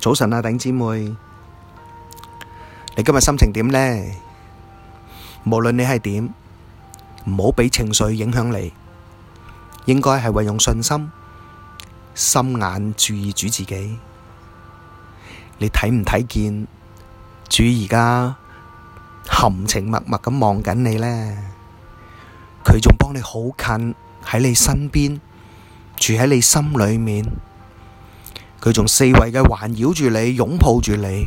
早晨啊，頂姐妹，你今日心情點呢？無論你係點，唔好畀情緒影響你，應該係運用信心、心眼注意主自己。你睇唔睇見主而家含情脈脈咁望緊你呢？佢仲幫你好近喺你身邊，住喺你心裏面。佢仲四圍嘅環繞住你，擁抱住你，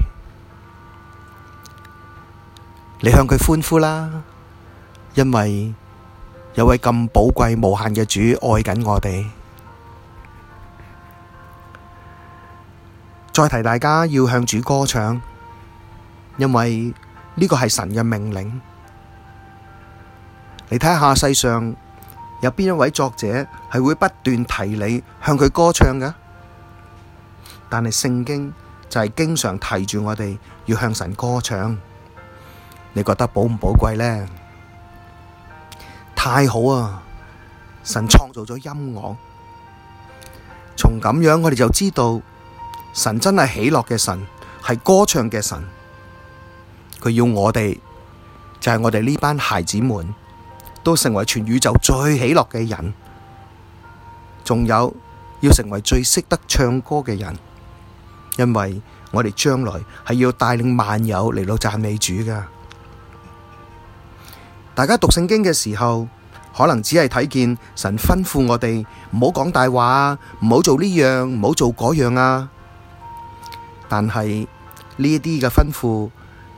你向佢歡呼啦！因為有位咁寶貴、無限嘅主愛緊我哋。再提大家要向主歌唱，因為呢個係神嘅命令。你睇下，世上有邊一位作者係會不斷提你向佢歌唱嘅？但係聖經就係經常提住我哋要向神歌唱，你覺得寶唔寶貴呢？太好啊！神創造咗音樂，從咁樣我哋就知道神真係喜樂嘅神，係歌唱嘅神。佢要我哋就係、是、我哋呢班孩子們，都成為全宇宙最喜樂嘅人，仲有要成為最識得唱歌嘅人。因為我哋將來係要帶領萬有嚟到讚美主㗎，大家讀聖經嘅時候，可能只係睇見神吩咐我哋唔好講大話啊，唔好做呢樣，唔好做嗰樣啊。但係呢啲嘅吩咐，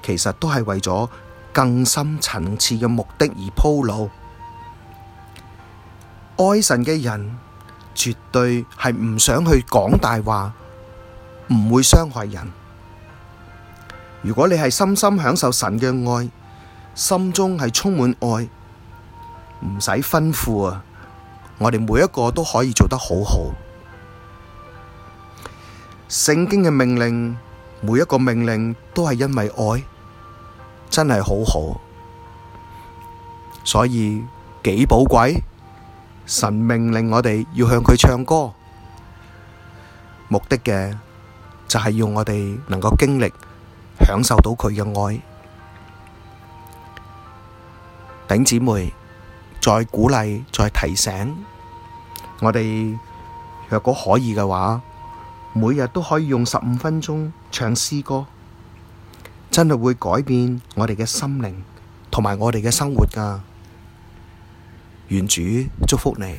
其實都係為咗更深層次嘅目的而鋪路。愛神嘅人絕對係唔想去講大話。唔會傷害人。如果你係深深享受神嘅愛，心中係充滿愛，唔使吩咐啊，我哋每一個都可以做得好好。聖經嘅命令，每一個命令都係因為愛，真係好好，所以幾寶貴。神命令我哋要向佢唱歌，目的嘅。就係要我哋能夠經歷享受到佢嘅愛，頂姊妹再鼓勵再提醒我哋，若果可以嘅話，每日都可以用十五分鐘唱詩歌，真係會改變我哋嘅心靈同埋我哋嘅生活㗎。願主祝福你。